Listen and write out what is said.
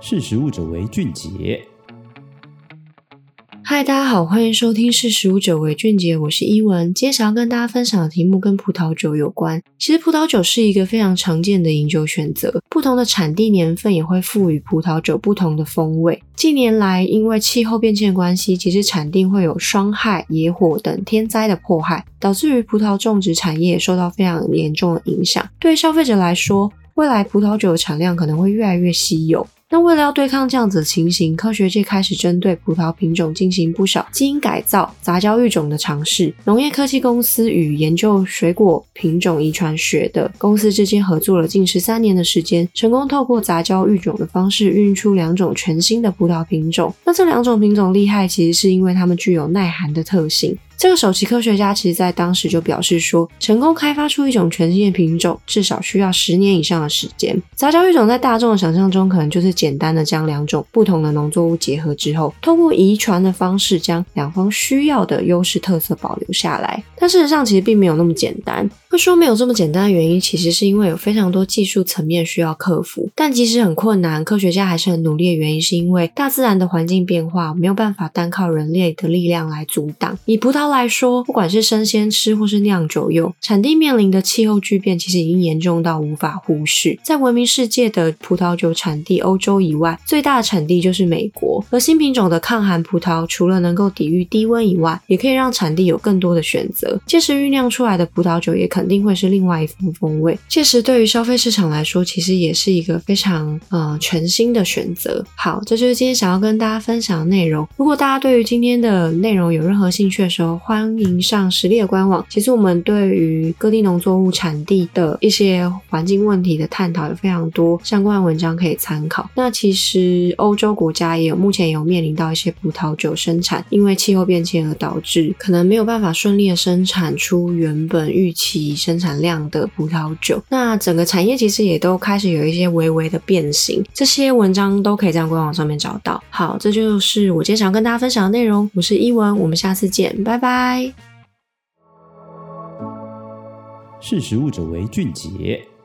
識食物者為俊傑。嗨，大家好，歡迎收聽識食物者為俊傑，我是依文。今天想要跟大家分享的題目跟葡萄酒有關。其實葡萄酒是一個非常常見的飲酒選擇，不同的產地、年份也會賦予葡萄酒不同的風味。近年來，因為氣候變遷的關係，其實產地會有霜害、野火等天災的迫害，導致於葡萄種植產業受到非常嚴重的影響。對消費者來說，未來葡萄酒的產量可能會越來越稀有。那為了要對抗這樣子的情形，科學界開始針對葡萄品種進行不少基因改造、雜交育種的嘗試。農業科技公司與研究水果品種遺傳學的公司之間合作了近十三年的時間，成功透過雜交育種的方式，孕育出兩種全新的葡萄品種。那這兩種品種厲害，其實是因為它們具有耐寒的特性。這個首席科學家其實在當時就表示說，成功開發出一種全新的品種至少需要十年以上的時間。雜交育種在大眾的想象中可能就是簡單的將兩種不同的農作物結合之後，通過遺傳的方式將兩方需要的優勢特色保留下來，但事實上其實並沒有那麼簡單。會說沒有這麼簡單的原因，其實是因為有非常多技術層面需要克服，但即使很困難，科學家還是很努力的原因，是因為大自然的環境變化，沒有辦法單靠人類的力量來阻擋。以葡萄來說，不管是生鮮吃或是釀酒用，產地面臨的氣候巨變其實已經嚴重到無法忽視。在聞名世界的葡萄酒產地歐洲以外，最大的產地就是美國。而新品種的抗寒葡萄，除了能夠抵禦低溫以外，也可以讓產地有更多的選擇，屆時醞釀出來的葡萄酒也可。肯定會是另外一番風味。屆時對於消費市場來說，其實也是一個非常呃全新的選擇。好，這就是今天想要跟大家分享的內容。如果大家對於今天的內容有任何興趣的時候，歡迎上食力的官網。其實我們對於各地農作物產地的一些環境問題的探討有非常多，相關的文章可以參考。那其實歐洲國家也有，目前也有面臨到一些葡萄酒生產，因為氣候變遷而導致可能沒有辦法順利的生產出原本預期。以生產量的葡萄酒，那整個產業其實也都開始有一些微微的變形。這些文章都可以在官網上面找到。好，這就是我今天想要跟大家分享的內容。我是依文，我們下次見，拜拜。識食物者為俊傑。